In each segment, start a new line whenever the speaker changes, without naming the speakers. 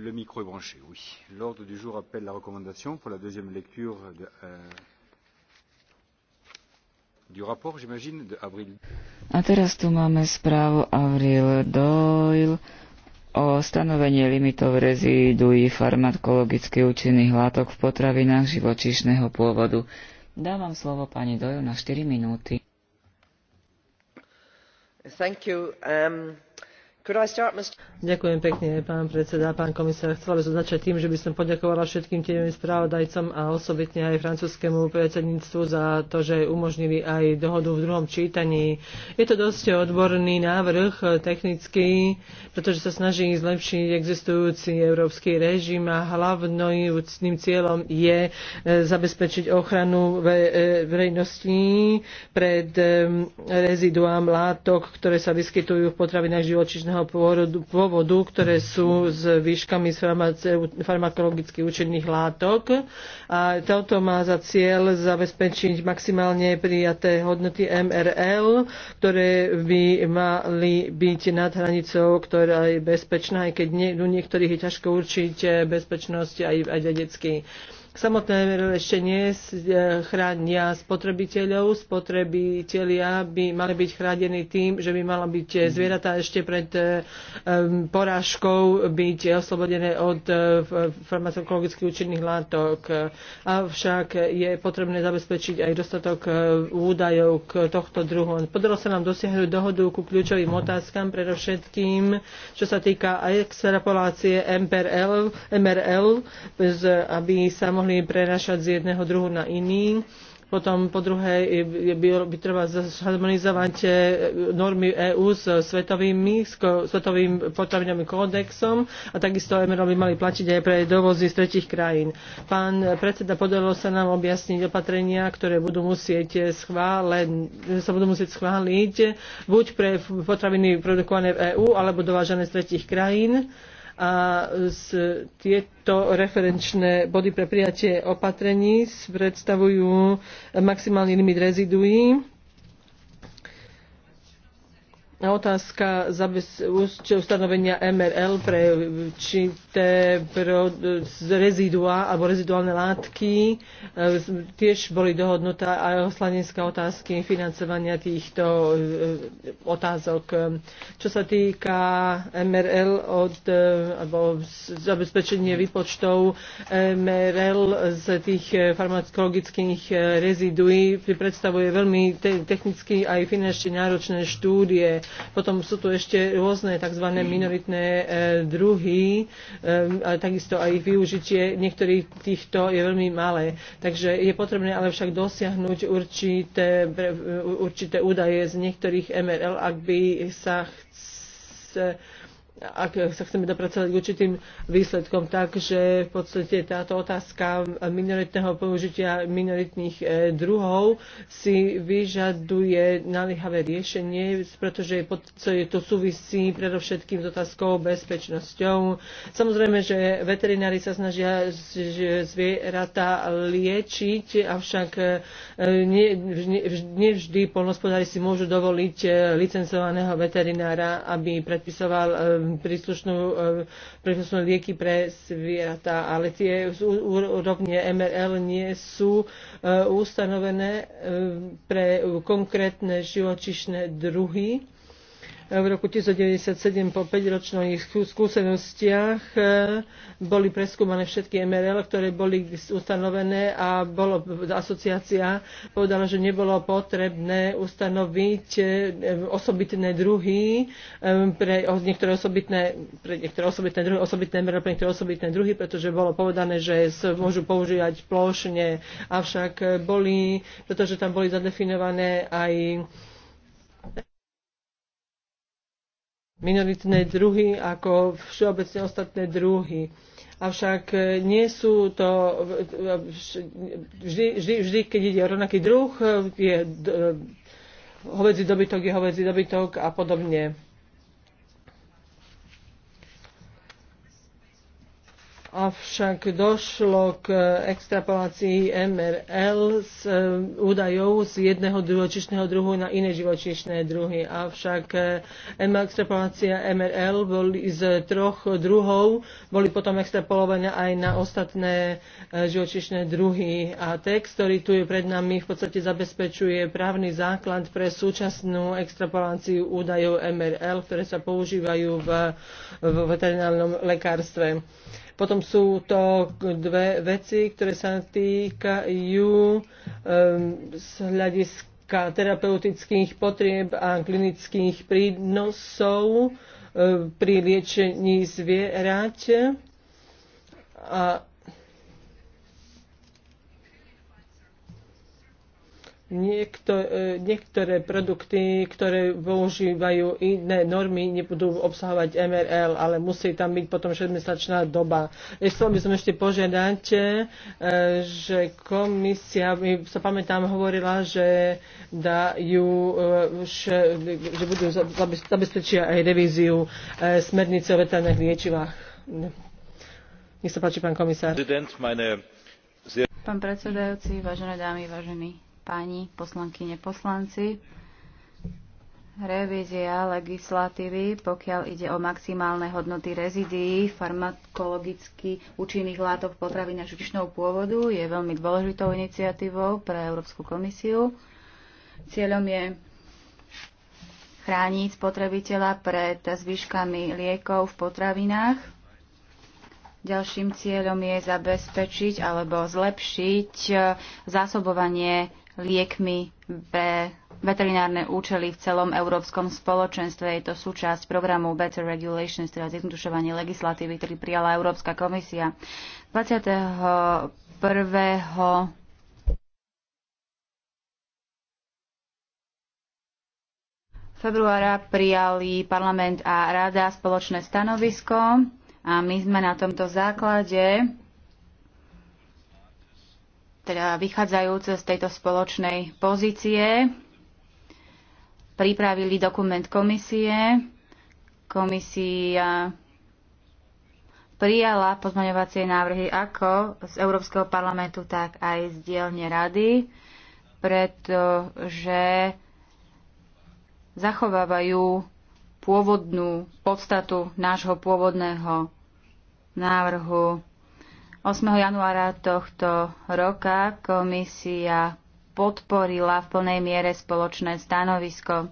Le micro est branché, oui. L'ordre du jour appelle la recommandation pour la deuxième
lecture de, euh, du rapport, j'imagine, de avril.
A teraz tu máme správu Avril Doyle o stanovení limitov rezíduí farmakologicky účinných látok v potravinách živočíšneho pôvodu. Dávam slovo pani Doyle na 4 minúty.
Thank you. Um... Ďakujem pekne, pán predseda, pán komisár. Chcela by som začať tým, že by som poďakovala všetkým tým správodajcom a osobitne aj francúzskému predsedníctvu za to, že umožnili aj dohodu v druhom čítaní. Je to dosť odborný návrh, technický, pretože sa snaží zlepšiť existujúci európsky režim a hlavným cieľom je e, zabezpečiť ochranu e, verejnosti pred e, reziduám látok, ktoré sa vyskytujú v potravinách živočíšneho živočíšneho pôvodu, pôvodu, ktoré sú s výškami z farmakologicky účinných látok. A toto má za cieľ zabezpečiť maximálne prijaté hodnoty MRL, ktoré by mali byť nad hranicou, ktorá je bezpečná, aj keď nie, u niektorých je ťažko určiť eh, bezpečnosť aj, aj vedecky. Samotné ešte nie e, chránia spotrebiteľov. Spotrebitelia by mali byť chránení tým, že by mala byť zvieratá ešte pred e, porážkou byť oslobodené od e, farmakologicky účinných látok. Avšak je potrebné zabezpečiť aj dostatok údajov k tohto druhu. Podarilo sa nám dosiahnuť dohodu ku kľúčovým otázkam, predovšetkým, čo sa týka extrapolácie MRL, MRL aby sa mohli mohli prenašať z jedného druhu na iný. Potom po druhé by, by treba zharmonizovať e, normy EÚ s svetovými, s svetovým potravinovým kódexom a takisto MRO by mali platiť aj pre dovozy z tretich krajín. Pán predseda, podarilo sa nám objasniť opatrenia, ktoré budú musieť schválen, sa budú musieť schváliť buď pre potraviny produkované v EÚ alebo dovážané z tretich krajín a z tieto referenčné body pre prijatie opatrení predstavujú maximálny limit reziduí Otázka ustanovenia MRL pre určité rezidua alebo reziduálne látky. E, tiež boli dohodnuté aj oslaninské otázky financovania týchto e, otázok. Čo sa týka MRL od, e, alebo zabezpečenie výpočtov MRL z tých farmakologických reziduí predstavuje veľmi technicky aj finančne náročné štúdie potom sú tu ešte rôzne tzv. minoritné e, druhy, e, ale takisto aj ich využitie niektorých týchto je veľmi malé. Takže je potrebné ale však dosiahnuť určité, e, určité údaje z niektorých MRL, ak by sa chce ak sa chceme dopracovať k určitým výsledkom, takže v podstate táto otázka minoritného použitia minoritných e, druhov si vyžaduje naliehavé riešenie, pretože to súvisí predovšetkým s otázkou bezpečnosťou. Samozrejme, že veterinári sa snažia zvieratá liečiť, avšak e, nevždy polnospodári si môžu dovoliť e, licencovaného veterinára, aby predpisoval príslušnú, e, príslušné lieky pre zvieratá, ale tie úrovne MRL nie sú e, ustanovené e, pre konkrétne živočišné druhy v roku 1997 po 5-ročných skúsenostiach e, boli preskúmané všetky MRL, ktoré boli ustanovené a bolo, asociácia povedala, že nebolo potrebné ustanoviť e, osobitné druhy e, pre niektoré osobitné, pre niektoré osobitné druhy, osobitné MRL pre niektoré osobitné druhy, pretože bolo povedané, že môžu používať plošne, avšak boli, pretože tam boli zadefinované aj minoritné druhy ako všeobecne ostatné druhy. Avšak e, nie sú to e, vždy, vždy, vždy keď ide o rovnaký druh, e, je hovedzi dobytok je hovedzi dobytok a podobne. avšak došlo k extrapolácii MRL z e, údajov z jedného živočišného druhu na iné živočišné druhy. Avšak e, extrapolácia MRL boli z troch druhov, boli potom extrapolované aj na ostatné e, živočišné druhy. A text, ktorý tu je pred nami, v podstate zabezpečuje právny základ pre súčasnú extrapoláciu údajov MRL, ktoré sa používajú v, v veterinárnom lekárstve. Potom sú to dve veci, ktoré sa týkajú um, z hľadiska terapeutických potrieb a klinických prínosov um, pri liečení zvierať. A niektoré, e, niektoré produkty, ktoré používajú iné normy, nebudú obsahovať MRL, ale musí tam byť potom 6-mesačná doba. E, chcel by som ešte požiadať, e, že komisia, sa pamätám, hovorila, že dajú, že budú zabezpečia aj revíziu smernice o veternách liečivách. Nech sa páči, pán komisár. Pán
predsedajúci, vážené dámy, vážení páni poslankyne poslanci. Revízia legislatívy, pokiaľ ide o maximálne hodnoty rezidií farmakologicky účinných látok potravín a živočného pôvodu, je veľmi dôležitou iniciatívou pre Európsku komisiu. Cieľom je chrániť spotrebiteľa pred zvyškami liekov v potravinách. Ďalším cieľom je zabezpečiť alebo zlepšiť zásobovanie liekmi pre veterinárne účely v celom európskom spoločenstve. Je to súčasť programu Better Regulations, teda zjednodušovanie legislatívy, ktorý prijala Európska komisia. 21. februára prijali parlament a rada spoločné stanovisko a my sme na tomto základe teda vychádzajúce z tejto spoločnej pozície, pripravili dokument komisie. Komisia prijala pozmaňovacie návrhy ako z Európskeho parlamentu, tak aj z dielne rady, pretože zachovávajú pôvodnú podstatu nášho pôvodného návrhu. 8. januára tohto roka komisia podporila v plnej miere spoločné stanovisko.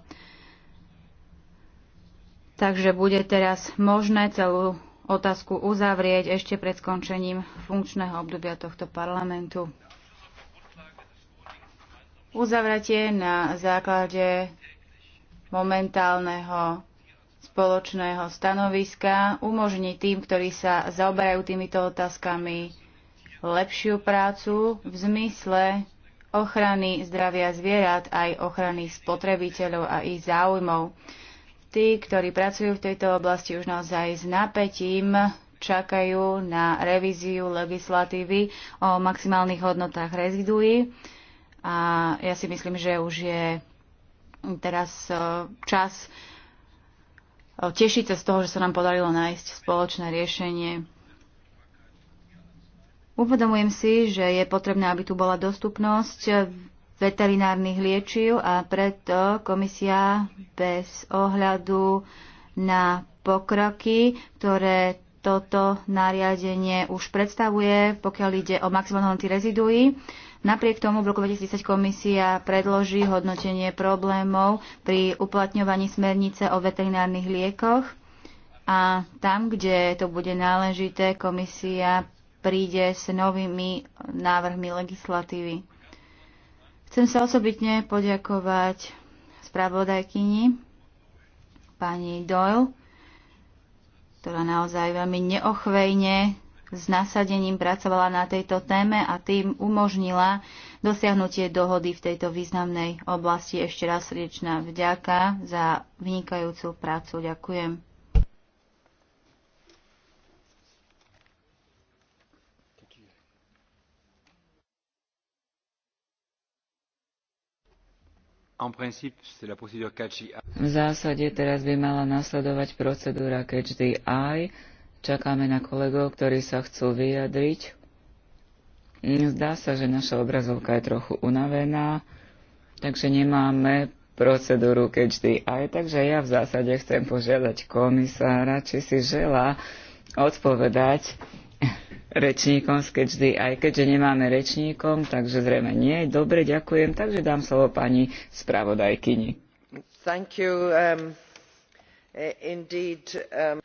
Takže bude teraz možné celú otázku uzavrieť ešte pred skončením funkčného obdobia tohto parlamentu. Uzavratie na základe momentálneho spoločného stanoviska, umožní tým, ktorí sa zaoberajú týmito otázkami, lepšiu prácu v zmysle ochrany zdravia zvierat aj ochrany spotrebiteľov a ich záujmov. Tí, ktorí pracujú v tejto oblasti už naozaj s napätím, čakajú na revíziu legislatívy o maximálnych hodnotách reziduí. A ja si myslím, že už je teraz eh, čas tešiť sa z toho, že sa nám podarilo nájsť spoločné riešenie. Uvedomujem si, že je potrebné, aby tu bola dostupnosť veterinárnych liečiv a preto komisia bez ohľadu na pokroky, ktoré toto nariadenie už predstavuje, pokiaľ ide o maximálne reziduí, Napriek tomu v roku 2010 komisia predloží hodnotenie problémov pri uplatňovaní smernice o veterinárnych liekoch a tam, kde to bude náležité, komisia príde s novými návrhmi legislatívy. Chcem sa osobitne poďakovať spravodajkyni pani Doyle, ktorá naozaj veľmi neochvejne s nasadením pracovala na tejto téme a tým umožnila dosiahnutie dohody v tejto významnej oblasti. Ešte raz srdečná vďaka za vynikajúcu prácu. Ďakujem.
V zásade teraz by mala nasledovať procedúra catch the eye, Čakáme na kolegov, ktorí sa chcú vyjadriť. Zdá sa, že naša obrazovka je trochu unavená, takže nemáme procedúru catch the takže ja v zásade chcem požiadať komisára, či si želá odpovedať rečníkom z catch the Keďže nemáme rečníkom, takže zrejme nie. Dobre, ďakujem, takže dám slovo pani spravodajkyni.
Thank you, um... Eh, indeed, um...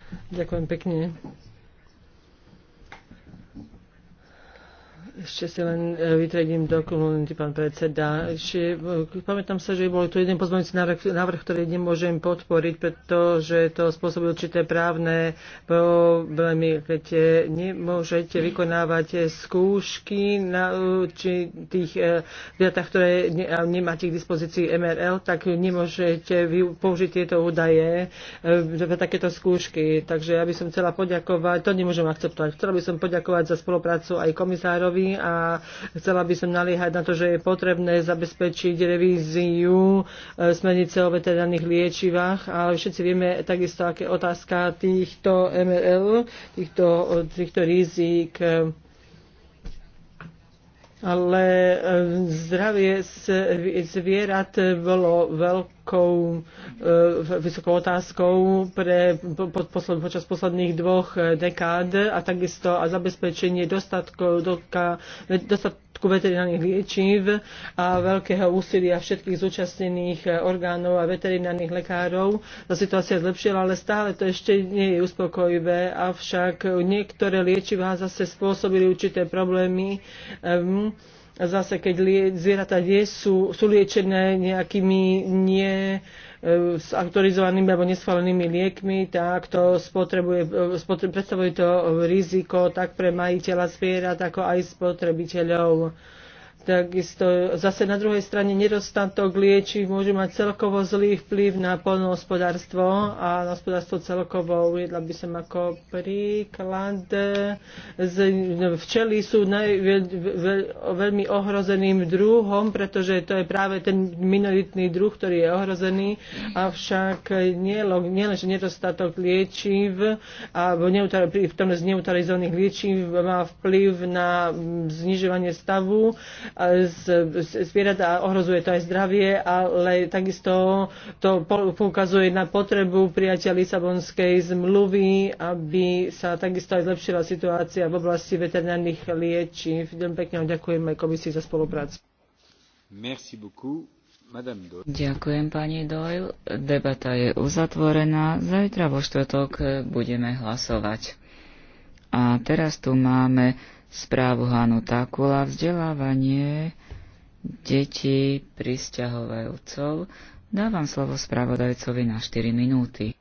Ešte si len e, vytredím komunity, pán predseda. Ešte, e, pamätám sa, že bol tu jeden pozmeňujúci návrh, návrh, ktorý nemôžem podporiť, pretože to spôsobuje určité právne problémy, keď e, nemôžete vykonávať skúšky na tých viatách, ktoré nemáte k dispozícii MRL, tak nemôžete použiť tieto údaje pre takéto skúšky. Takže ja by som chcela poďakovať, to nemôžem akceptovať, chcela by som poďakovať za spoluprácu aj komisárovi a chcela by som naliehať na to, že je potrebné zabezpečiť revíziu e, smernice o veterinárnych liečivách, ale všetci vieme takisto, aké otázka týchto MRL, týchto, e, týchto rizik ale eh, zdravie zvierat bolo veľkou eh, vysokou otázkou pre, po, posled, počas posledných dvoch eh, dekád a takisto a zabezpečenie dostatkov, doka, dostat, otázku veterinárnych liečiv a veľkého úsilia všetkých zúčastnených eh, orgánov a veterinárnych lekárov. Tá situácia zlepšila, ale stále to ešte nie je uspokojivé, avšak niektoré liečivá zase spôsobili určité problémy. Um, a zase, keď lie, zvieratá nie sú, sú liečené nejakými nie e, s autorizovanými alebo neschválenými liekmi, tak to spotrebuje, e, spotre, predstavuje to riziko tak pre majiteľa zvierat, ako aj spotrebiteľov. Takisto zase na druhej strane nedostatok liečiv môže mať celkovo zlý vplyv na polnohospodárstvo a na hospodárstvo celkovo. Uviedla by som ako príklad. Včely sú naj, ve, ve, veľmi ohrozeným druhom, pretože to je práve ten minoritný druh, ktorý je ohrozený. Avšak nielen nie že nedostatok liečiv a v tom z neutralizovaných liečiv má vplyv na znižovanie stavu zvierat a ohrozuje to aj zdravie, ale takisto to poukazuje na potrebu prijatia Lisabonskej zmluvy, aby sa takisto aj zlepšila situácia v oblasti veterinárnych liečiv. Veľmi pekne ďakujem aj komisii za spoluprácu.
Merci beaucoup. Ďakujem
pani Doyle.
Debata je uzatvorená. Zajtra vo štvrtok budeme hlasovať. A teraz tu máme správu Hanu Takula vzdelávanie detí pristahovajúcov. Dávam slovo spravodajcovi na 4 minúty.